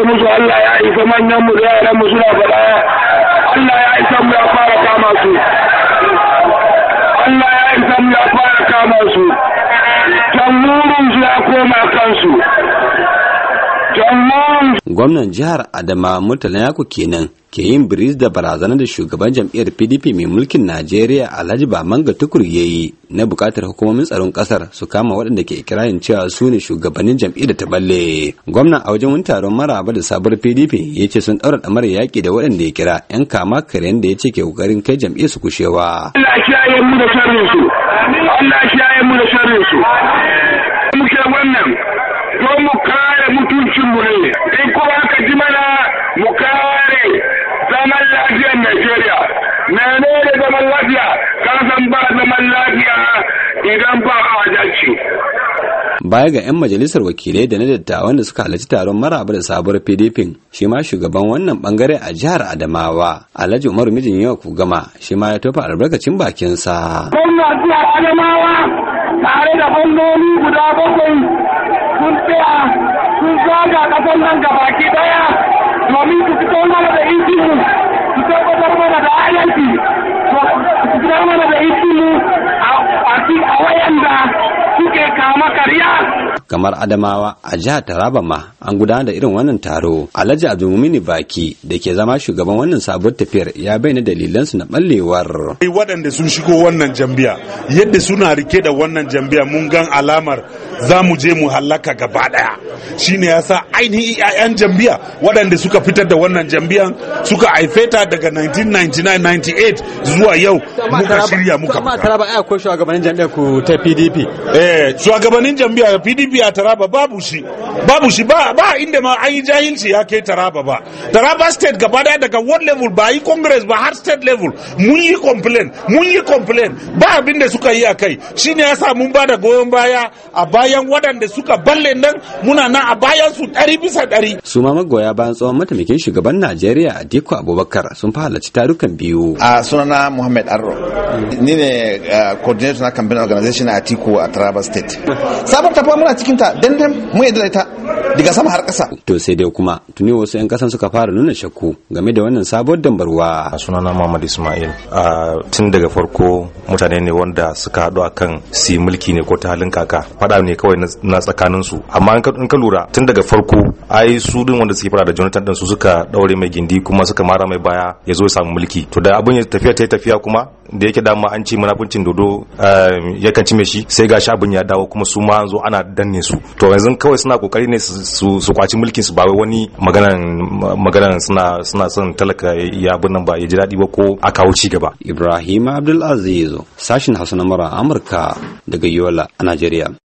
kai musu Allah ya isa manyan mu zai ran musu suna faɗa Allah ya isa mu ya fara kama su Allah ya isa mu ya fara kama su tamburin su ya koma kansu tamburin gwamnan jihar adama murtala kenan ke yin biris da barazanar da shugaban jam'iyyar pdp mai mulkin najeriya alhaji Manga tukur ya yi na bukatar hukumomin tsaron kasar su kama waɗanda ke kirayin cewa su ne shugabannin jam'iyyar ta balle gwamnan a wajen wani taron maraba da sabuwar pdp ya ce sun ɗaura ɗamar yaƙi da waɗanda ya kira 'yan kama karen da ya ce ke ƙoƙarin kai jam'iyyar su kushewa. Allah kiyaye mu da sharrin su. Allah kiyaye mu da sharrin su. Muke wannan don mu kare mutuncinmu ne in kuma ka ji mana mu kare zaman lafiyar Najeriya mene da zaman lafiya ka san ba zaman lafiya idan ba a wajaci baya ga 'yan majalisar wakilai da na dattawan da suka halarci taron maraba da sabuwar pdp shi ma shugaban wannan bangare a jihar adamawa alhaji umar mijin yau gama shi ma ya tofa albarkacin bakinsa gwamna jihar adamawa tare da bangoni guda bakwai ga kasar nan baki ɗaya domin su fito mana da injinmu su tabbatar mana da adalci su fitar mana da injinmu a wayanda suke kama karya. Kamar Adamawa a jihar Taraba ma an gudanar da irin wannan taro. Alhaji Abdulmumini Baki da ke zama shugaban wannan sabuwar tafiyar ya bayyana dalilansu na ballewar. Waɗanda sun shigo wannan jambiya yadda suna rike da wannan jambiya mun gan alamar za mu je mu hallaka gaba daya shine sa ainihin 'ya'yan jambiya waɗanda suka fitar da wannan jambiyan suka haife ta daga 1999-98 zuwa yau muka shirya muka fita. Taraba ai akwai shugabannin jami'a ku ta PDP. Eh shugabannin jam'iyyar PDP a Taraba babu shi. Babu shi ba ba inda ma an yi jahilci ya kai Taraba ba. Taraba state gaba daya daga world level ba yi congress ba har state level mun yi complain mun yi complain ba abin da suka yi a kai shine sa mun ba da goyon baya a baya bayan wadanda suka balle nan muna nan a bayan su ɗari bisa ɗari. su ma magoya bayan tsohon mataimakin shugaban najeriya diko abubakar sun fi tarukan biyu. a sunana muhammad arro ni ne coordinator na campaign organization a atiku a taraba state sabon tafiya muna cikin ta dandam mu yadda ita daga sama har kasa. to sai dai kuma tuni wasu 'yan ƙasan suka fara nuna shakku game da wannan sabon dambarwa. sunana muhammad ismail tun daga farko mutane ne wanda suka haɗu kan si mulki ne ko ta halin kaka faɗa ne kawai na tsakanin su amma in ka lura tun daga farko ai su din wanda suke fara da Jonathan din su suka daure mai gindi kuma suka mara mai baya ya zo ya samu mulki to da abin ya tafiya ta tafiya kuma da yake dama an ci munafuncin dodo eh, kan ci mai shi sai ga abin ya dawo kuma su ma zo ana danne su to yanzu kawai suna kokari ne su kwaci mulkin su ba wai wani maganan maganan suna suna son talaka ya abin nan ba ya ji daɗi ba ko a kawo ci gaba Ibrahim Abdulaziz sashin Hausa mara Amurka daga Yola a Najeriya